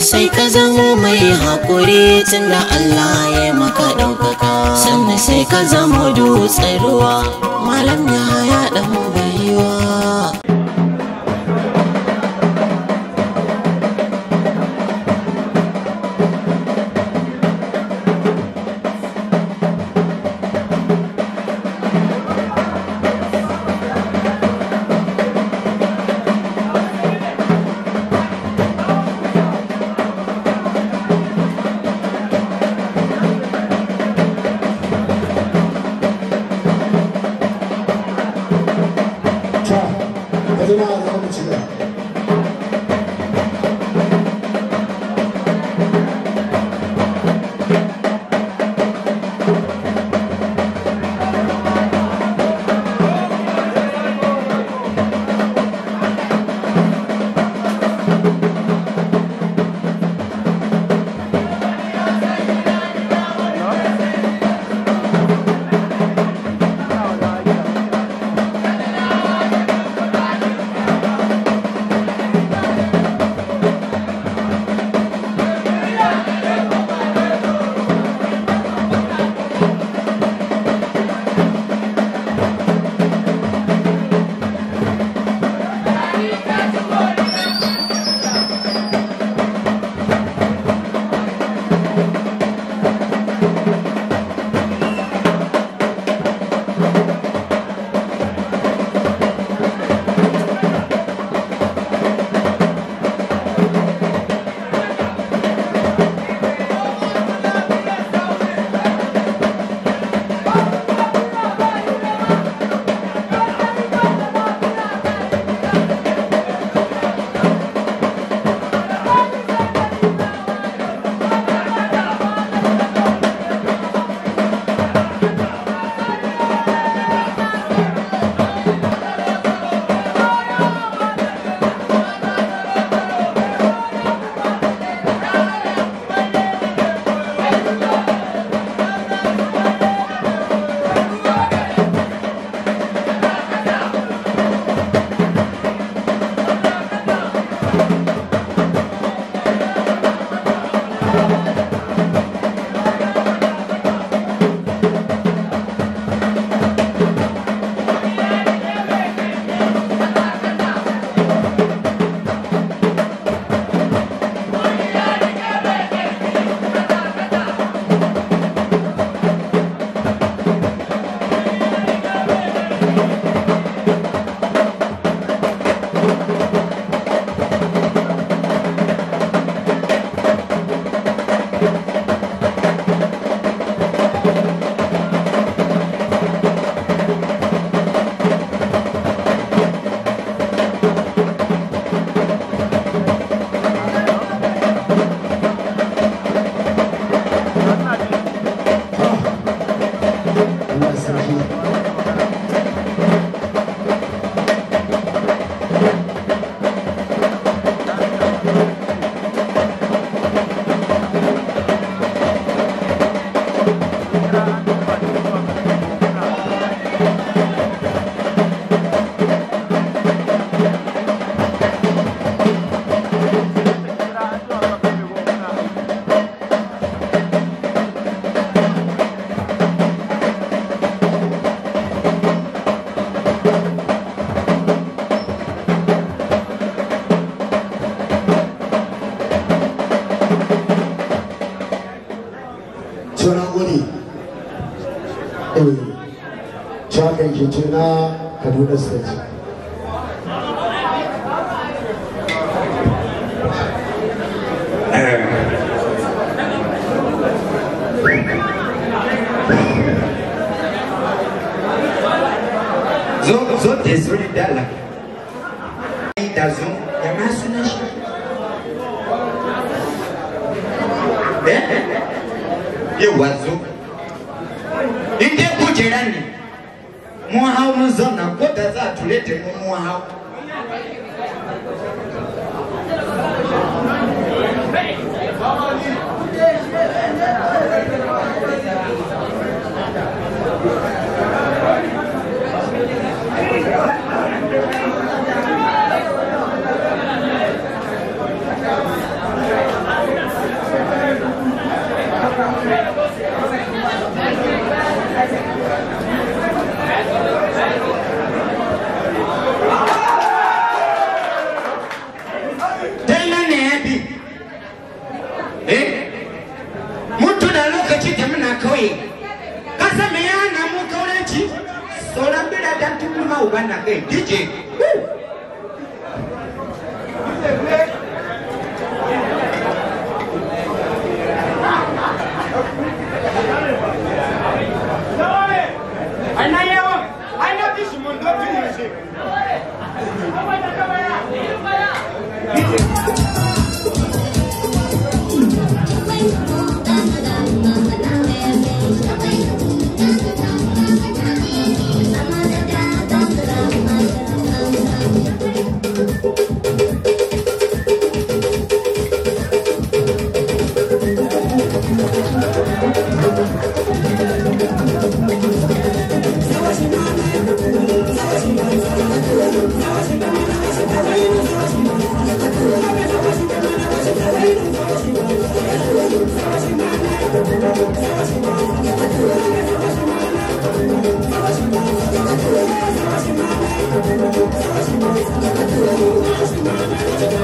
sai ka zamo mai haƙuri tunda Allah ya maka ɗaukaka sannan sai ka zamo dutsen ruwa malam ya haɗa mu baiwa sauran wuni eh shaka ke tuna kaduna state zo zo ya wazo Ndeku jirani mwahau mzona kota za tulete mu mwahau Thank you. ye kasa meya namuka olenki solambira datukuluma ubanage dj Anayeo, I know this one, don't you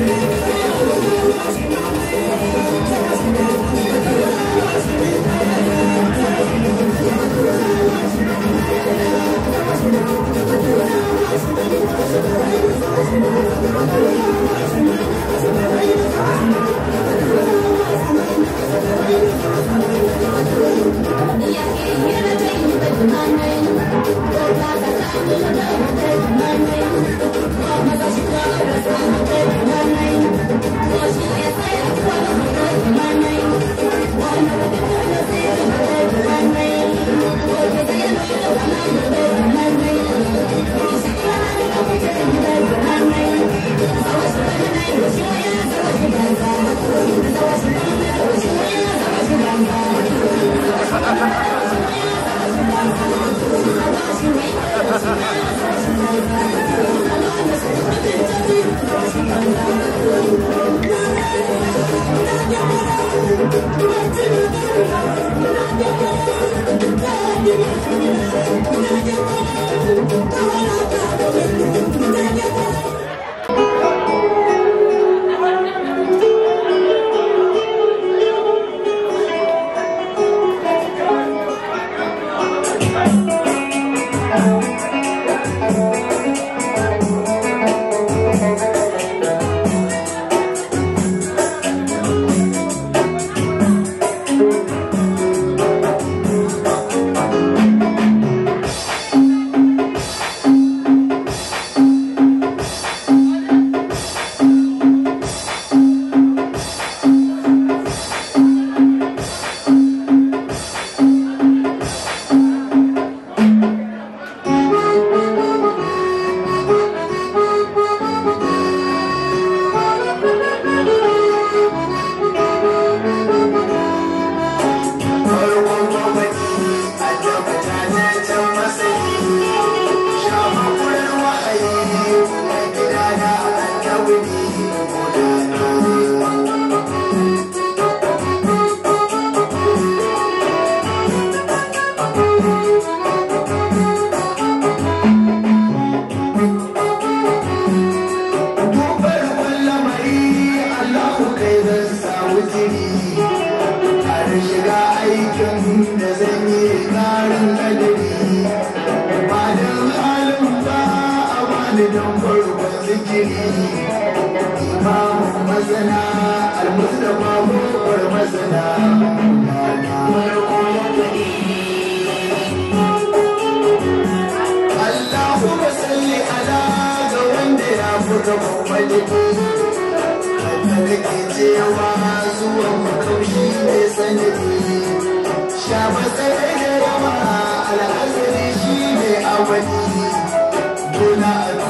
Monday, you Monday, Monday, Monday, Monday, Monday, Thank you. sanadi da cewa zuwan makaushi ne sanadi sha masarai da yawa al'azari shi ne awali dole a